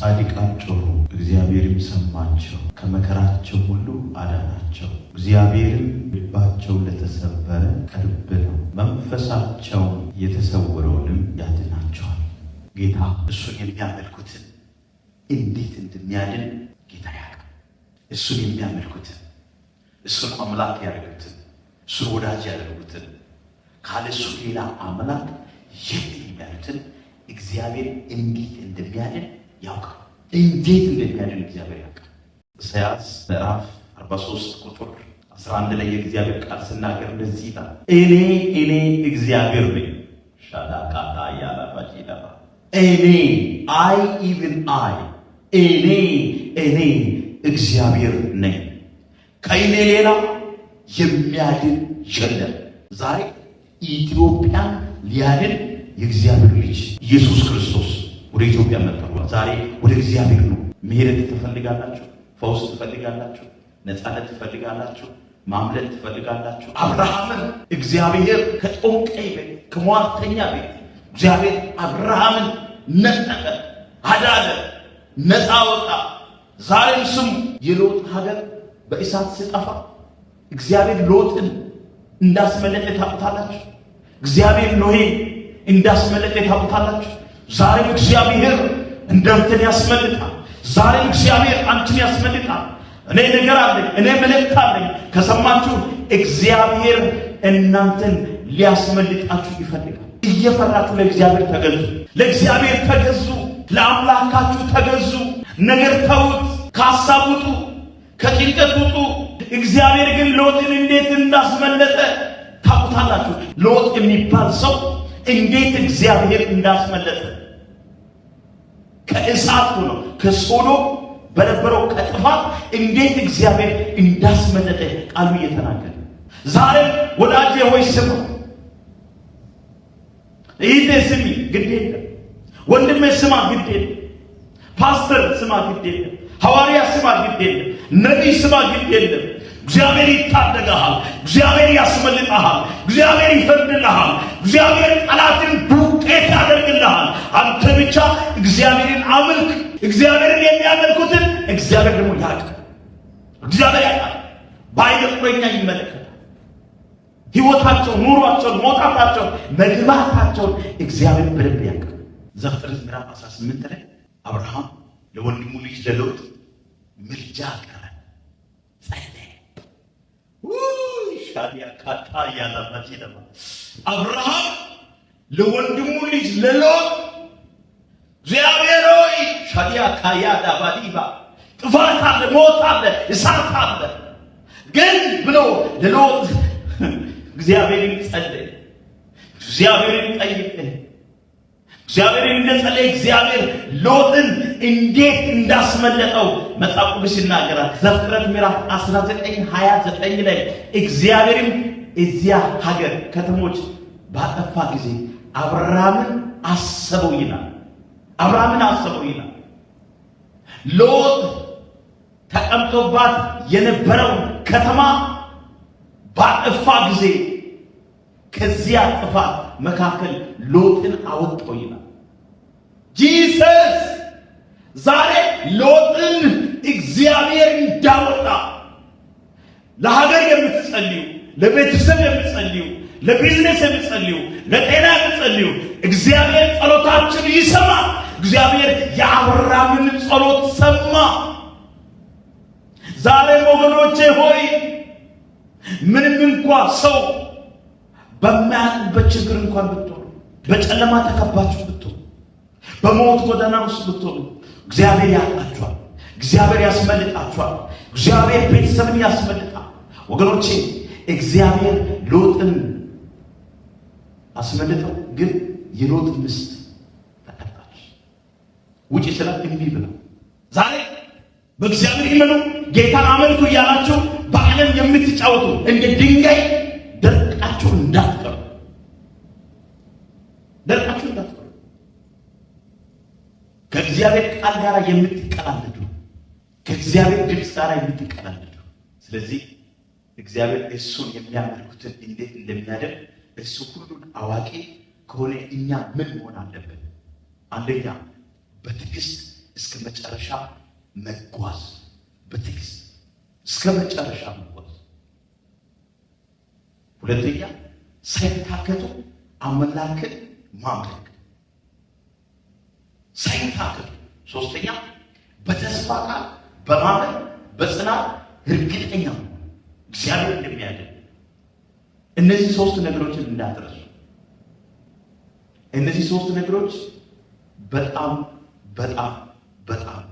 ጻድቃቸው እግዚአብሔርም ሰማቸው፣ ከመከራቸው ሁሉ አዳናቸው። እግዚአብሔርም ልባቸው ለተሰበረ ቅርብ ነው፣ መንፈሳቸውን የተሰወረውንም ያድናቸዋል። ጌታ እሱን የሚያመልኩትን እንዴት እንደሚያድን ጌታ ያውቃል። እሱን የሚያመልኩትን እሱን አምላክ ያደርጉትን እሱ ወዳጅ ያደረጉትን ካለሱ ሌላ አምላክ ይህ የሚያሉትን እግዚአብሔር እንዴት እንደሚያድን ያውቃል። እንዴት እንደሚያድን እግዚአብሔር ያውቃል። ኢሳያስ ምዕራፍ 43 ቁጥር 11 ላይ የእግዚአብሔር ቃል ስናገር እንደዚህ ይላል፣ እኔ እኔ እግዚአብሔር ነኝ ሻዳቃታ ያላፋጭ ይለባ እኔ አይ ኢቭን አይ እኔ እኔ እግዚአብሔር ነኝ ከእኔ ሌላ የሚያድን የለም። ዛሬ ኢትዮጵያ ሊያድን የእግዚአብሔር ልጅ ኢየሱስ ክርስቶስ ወደ ኢትዮጵያ መጥቷል። ዛሬ ወደ እግዚአብሔር ነው። መሄድ ትፈልጋላችሁ፣ ፈውስ ትፈልጋላችሁ፣ ነፃነት ትፈልጋላችሁ፣ ማምለጥ ትፈልጋላችሁ። አብርሃምን እግዚአብሔር ከጦንቀይ ቤት ከሟርተኛ ቤት እግዚአብሔር አብርሃምን ነጠቀ፣ አዳለ፣ ነፃ ወጣ። ዛሬም ስሙ የሎጥ ሀገር በእሳት ሲጠፋ እግዚአብሔር ሎጥን እንዳስመለጠ ታውቁታላችሁ። እግዚአብሔር ኖሄ እንዳስመለጠ ታውቁታላችሁ። ዛሬም እግዚአብሔር እንደንትን ያስመልጣል። ዛሬም እግዚአብሔር አንችን ያስመልጣል። እኔ ነገር አለኝ፣ እኔ መልእክት አለኝ። ከሰማችሁ እግዚአብሔር እናንተን ሊያስመልጣችሁ ይፈልጋል። እየፈራችሁ ለእግዚአብሔር ተገዙ፣ ለእግዚአብሔር ተገዙ፣ ለአምላካችሁ ተገዙ። ነገር ተውት ካሳብ ውጡ፣ ከጭንቀት ውጡ። እግዚአብሔር ግን ሎጥን እንዴት እንዳስመለጠ ታውቁታላችሁ። ሎጥ የሚባል ሰው እንዴት እግዚአብሔር እንዳስመለጠ ከእሳቱ ነው ከሶዶ በነበረው ከጥፋት እንዴት እግዚአብሔር እንዳስመለጠ ቃሉ እየተናገረ ዛሬ ወዳጄ ሆይ ስማ፣ እህቴ ስሚ፣ ግድ የለም ወንድሜ ስማ፣ ግድ የለም ፓስተር ስማ፣ ግድ የለም ሐዋርያ ስማ፣ ግድ የለም ነቢይ ስማ፣ ግድ የለም እግዚአብሔር ይታደግሃል። እግዚአብሔር ያስመልጥሃል። እግዚአብሔር ይፈርድልሃል። እግዚአብሔር ጠላትን ዱቄት ያደርግልሃል። አንተ ብቻ እግዚአብሔርን አምልክ። እግዚአብሔርን የሚያመልኩትን እግዚአብሔር ደግሞ ያቅ እግዚአብሔር ያውቃል። በአይነ ቁረኛ ይመለከታል። ህይወታቸውን፣ ኑሯቸውን፣ መውጣታቸውን፣ መግባታቸውን እግዚአብሔር በደንብ ያውቃል። ዘፍጥረት ምዕራፍ 18 ላይ አብርሃም ለወንድሙ ልጅ ለሎጥ ምልጃ አቀረበ። ታዲያ ካታ እያላፋች ይለማ አብርሃም ለወንድሙ ልጅ ለሎጥ እግዚአብሔር ሆይ ሻዲያ ካያ ዳባዲባ ጥፋት አለ፣ ሞት አለ፣ እሳት አለ ግን ብሎ ለሎጥ እግዚአብሔርን ጸለየ፣ እግዚአብሔርን ጠየቀ። እግዚአብሔር እንደጸለየ እግዚአብሔር ሎጥን እንዴት እንዳስመለጠው መጽሐፍ ቅዱስ ይናገራል። ዘፍጥረት ምዕራፍ 19 29 ላይ እግዚአብሔርም እዚያ ሀገር ከተሞች ባጠፋ ጊዜ አብርሃምን አሰበው ይላል። አብርሃምን አሰበው ይላል። ሎጥ ተቀምጦባት የነበረው ከተማ ባጠፋ ጊዜ ከዚያ ጥፋት መካከል ሎጥን አወጣው ይላል። ጂሰስ ዛሬ ሎጥን እግዚአብሔር እንዳወጣ ለሀገር የምትጸልዩ፣ ለቤተሰብ የምትጸልዩ፣ ለቢዝነስ የምትጸልዩ፣ ለጤና የምትጸልዩ እግዚአብሔር ጸሎታችን ይሰማ። እግዚአብሔር የአብርሃምን ጸሎት ሰማ። ዛሬ ወገኖቼ ሆይ ምንም እንኳ ሰው በማያልቅበት ችግር እንኳን ብትሆኑ፣ በጨለማ ተከባችሁ ብትሆኑ፣ በሞት ጎዳና ውስጥ ብትሆኑ እግዚአብሔር ያቃችኋል። እግዚአብሔር ያስመልጣችኋል። እግዚአብሔር ቤተሰብን ያስመልጣል። ወገኖቼ እግዚአብሔር ሎጥን አስመልጠው፣ ግን የሎጥ ሚስት ተቀጣች። ውጭ ስላ እንቢ ብለው ዛሬ በእግዚአብሔር ይመኑ ጌታን አመልኩ እያላችሁ በዓለም የምትጫወቱ እንደ ድንጋይ ደርቃችሁ እንዳትቀሩ፣ ደርቃችሁ እንዳትቀሩ። ከእግዚአብሔር ቃል ጋር የምትቀላለዱ፣ ከእግዚአብሔር ድምፅ ጋር የምትቀላለዱ። ስለዚህ እግዚአብሔር እሱን የሚያመልኩትን እንዴት እንደሚያደርግ እሱ ሁሉን አዋቂ ከሆነ እኛ ምን መሆን አለብን? አንደኛ በትዕግስት እስከ መጨረሻ መጓዝ፣ በትዕግስት እስከ መጨረሻ መጓዝ ሁለተኛ ሳይታከቱ አምላክን ማምለክ ሳይታከቱ፣ ሶስተኛ በተስፋ ቃል በማመን በጽናት እርግጠኛ እግዚአብሔር እንደሚያደርግ እነዚህ ሶስት ነገሮችን እንዳትረሱ። እነዚህ ሶስት ነገሮች በጣም በጣም በጣም